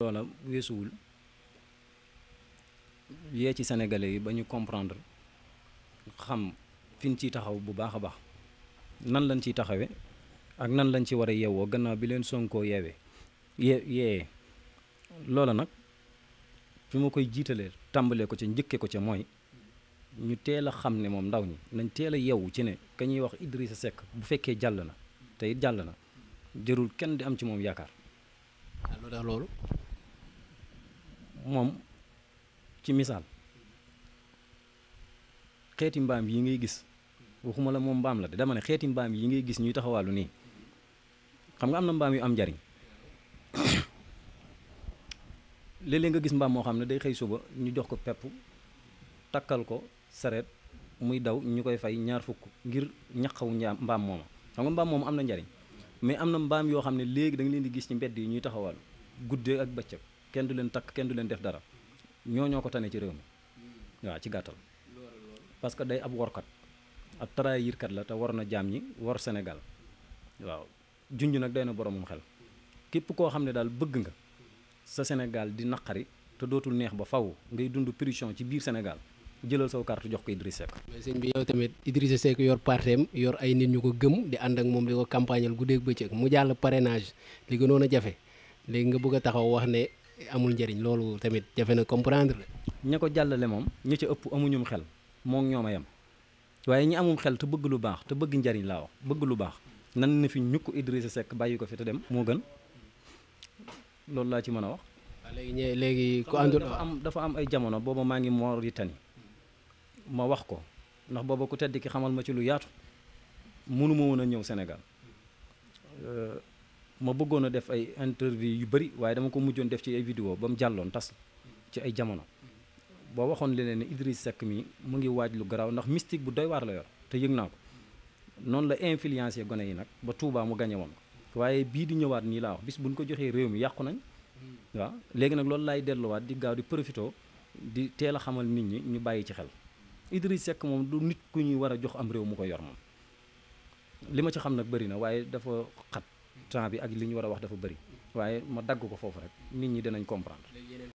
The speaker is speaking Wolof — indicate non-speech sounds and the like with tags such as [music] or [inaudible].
loola weesuwul yee ci sénégalais yi ba ñu comprendre xam fi ciy taxaw bu baax a baax nan lañ ciy taxawee ak nan lañ ci war a yeewoo gannaaw bi leen sonkoo yeewee ye yeeyee loola nag fi ma koy jiitalee tàmbalee ko ca njëkkee ko ca mooy ñu teel a xam ne moom ndaw ñi nañ teel a yeewu ci ne ka ñuy wax Idrissa Seck bu fekkee jàll na tey jàll na jërul kenn di am ci moom yaakaar. moom ci misaal xeeti mbaam yi ngay gis waxuma la moom mbaam la de dama ne xeeti mbaam yi ngay gis ñuy taxawaalu nii xam nga am na mbaam yu am njariñ [coughs] léeg-léeg nga gis mbaam moo xam ne day xëy suba ñu jox ko pepp takkal ko sareet muy daw ñu koy fay ñaar fukk ngir ñaqaw njaam mbaam mooma xam nga mbaam mooma am na njariñ mais am na mbaam yoo xam ne léegi da leen di gis ci mbedd yi ñuy taxawal guddee ak bëccëg kenn du leen takk kenn du leen def dara ñoo ñoo ko tane ci réew mi waaw ci gàttal parce que day ab workat ab trahirkat la te war na jaam ñi war Sénégal waaw junj nag day na boromum xel képp koo xam ne daal bëgg nga sa Sénégal di naqari te dootul neex ba faw ngay dund pression ci biir Sénégal jëlal saw carte jox ko Idriss Seck. mais sëñ bi yow tamit Idriss Seck yor parteem yor ay nit ñu ko gëm di ànd ak moom di ko campagnal guddeeg bëccëg mu jàll parrainage li gënoon amul njariñ loolu tamit jafe na comprendre ña ko jàllale moom ña ca ëpp amuñum xel moo ñoom a yem waaye ñi amum xel te bëgg lu baax te bëgg njariñ laa wax bëgg lu baax nan na fi ñukk Idrissa Seck bàyyi ko fi te dem moo gën loolu laa ci mën a wax léegi léegi ku àndul dafa am dafa am ay jamono booba maa ngi Mauritanie ma wax ko ndax booba ku tedd ki xamal ma ci lu yaatu mënuma woon a ñëw senegal euh, ma bëggoon a def ay interview yu bëri waaye dama ko mujjoon def ci ay vidéo ba mu jàlloon tas ci ay jamono boo waxoon leneen ne Idriss Seck mi mu ngi waaj lu garaw ndax mystique bu doy waar la yor te yëg naa ko noonu la influencé gone yi nag ba Touba mu gañe woon ko waaye bii di ñëwaat nii laa wax bis buñ ko joxee réew mi yàqu nañ waaw léegi nag loolu laay delluwaat di gaaw di profito di teel a xamal nit ñi ñu bàyyi ci xel Idriss sekk moom du nit ku ñuy war a jox am réew mu ko yor moom li ma ci xam nag bëri na waaye dafa xat temps bi ak li ñu war a wax dafa bëri waaye ma dagg ko foofu rek nit ñi dinañ comprendre